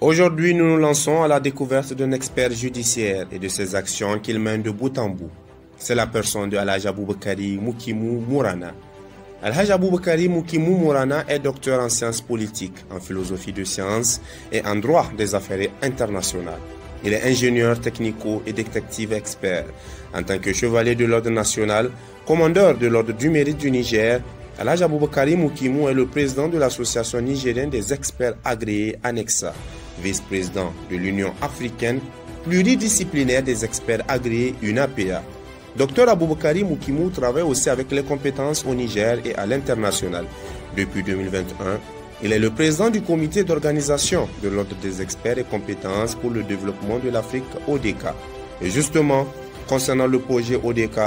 Aujourd'hui, nous nous lançons à la découverte d'un expert judiciaire et de ses actions qu'il mène de bout en bout. C'est la personne de Alhaj Aboubakari Moukimou Mourana. Alhaj Aboubakari Moukimou Mourana est docteur en sciences politiques, en philosophie de sciences et en droit des affaires internationales. Il est ingénieur technico et détective expert. En tant que chevalier de l'ordre national, commandeur de l'ordre du mérite du Niger, Alhaj Aboubakari Moukimou est le président de l'association nigérienne des experts agréés ANEXA vice-président de l'Union africaine pluridisciplinaire des experts agréés UNAPA. Dr Aboubakari Moukimou travaille aussi avec les compétences au Niger et à l'international. Depuis 2021, il est le président du comité d'organisation de l'Ordre des experts et compétences pour le développement de l'Afrique ODK. Et justement, concernant le projet ODK,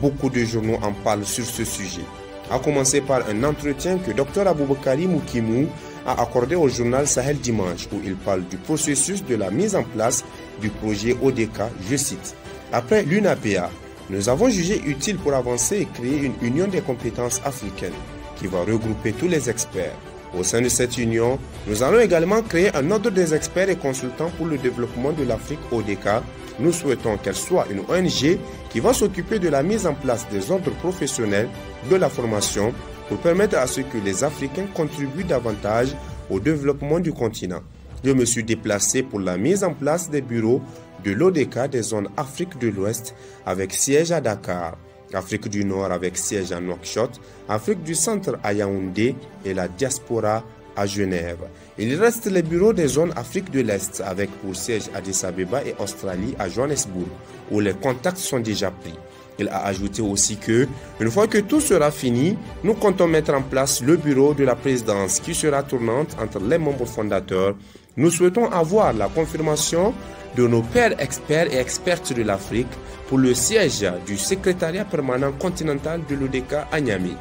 beaucoup de journaux en parlent sur ce sujet. A commencer par un entretien que Dr Aboubakari Moukimou a accordé au journal Sahel Dimanche où il parle du processus de la mise en place du projet ODK, je cite. Après l'UNAPA, nous avons jugé utile pour avancer et créer une union des compétences africaines qui va regrouper tous les experts. Au sein de cette union, nous allons également créer un ordre des experts et consultants pour le développement de l'Afrique ODK. Nous souhaitons qu'elle soit une ONG qui va s'occuper de la mise en place des ordres professionnels, de la formation, pour permettre à ce que les Africains contribuent davantage au développement du continent. Je me suis déplacé pour la mise en place des bureaux de l'ODECA des zones Afrique de l'Ouest avec siège à Dakar, Afrique du Nord avec siège à Nouakchott, Afrique du Centre à Yaoundé et la diaspora à Genève. Il reste les bureaux des zones Afrique de l'Est avec pour siège Addis Abeba et Australie à Johannesburg où les contacts sont déjà pris. Il a ajouté aussi que, une fois que tout sera fini, nous comptons mettre en place le bureau de la présidence qui sera tournante entre les membres fondateurs. Nous souhaitons avoir la confirmation de nos pères experts et expertes de l'Afrique pour le siège du secrétariat permanent continental de l'ODK à Niamey.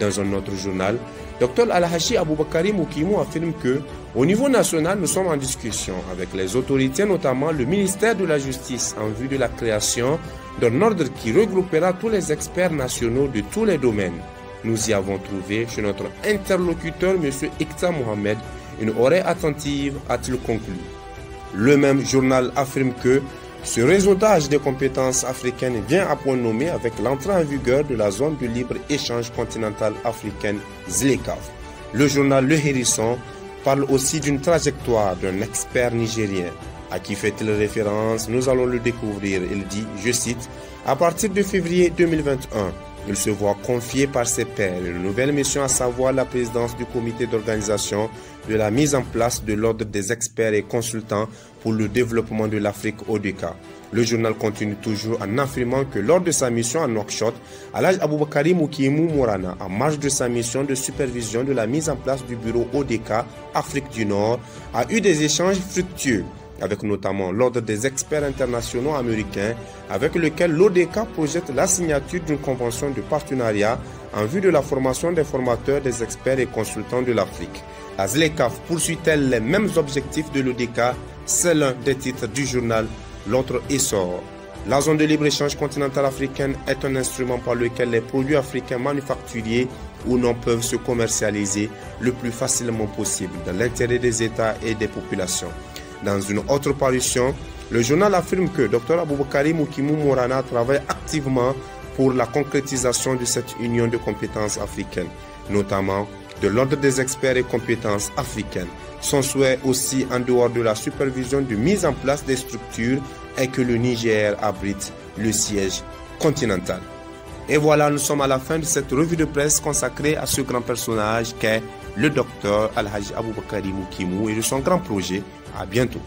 Dans un autre journal, Dr Alahashi Aboubakari Moukimou affirme que, au niveau national, nous sommes en discussion avec les autorités, notamment le ministère de la Justice, en vue de la création d'un ordre qui regroupera tous les experts nationaux de tous les domaines. Nous y avons trouvé chez notre interlocuteur, M. Ikta Mohamed, une oreille attentive, a-t-il conclu. Le même journal affirme que ce réseautage des compétences africaines vient à point nommé avec l'entrée en vigueur de la zone de libre-échange continental africaine ZLECAF. Le journal Le Hérisson parle aussi d'une trajectoire d'un expert nigérien. À qui fait-il référence Nous allons le découvrir. Il dit, je cite, à partir de février 2021, il se voit confier par ses pairs une nouvelle mission, à savoir la présidence du comité d'organisation de la mise en place de l'ordre des experts et consultants pour le développement de l'Afrique ODK. Le journal continue toujours en affirmant que lors de sa mission à Nouakchott, Alaj Aboubakari Moukiemou Morana, en marge de sa mission de supervision de la mise en place du bureau ODK Afrique du Nord, a eu des échanges fructueux avec notamment l'Ordre des experts internationaux américains, avec lequel l'ODK projette la signature d'une convention de partenariat en vue de la formation des formateurs, des experts et consultants de l'Afrique. La ZLECAF poursuit-elle les mêmes objectifs de l'ODK, C'est l'un des titres du journal L'autre essor. La zone de libre-échange continentale africaine est un instrument par lequel les produits africains manufacturiers ou non peuvent se commercialiser le plus facilement possible dans l'intérêt des États et des populations. Dans une autre parution, le journal affirme que Dr Aboubakari Mukimu Morana travaille activement pour la concrétisation de cette union de compétences africaines, notamment de l'ordre des experts et compétences africaines. Son souhait aussi, en dehors de la supervision de mise en place des structures, est que le Niger abrite le siège continental. Et voilà, nous sommes à la fin de cette revue de presse consacrée à ce grand personnage qu'est le docteur Al-Hajj Aboubakari Moukimou et de son grand projet. À bientôt.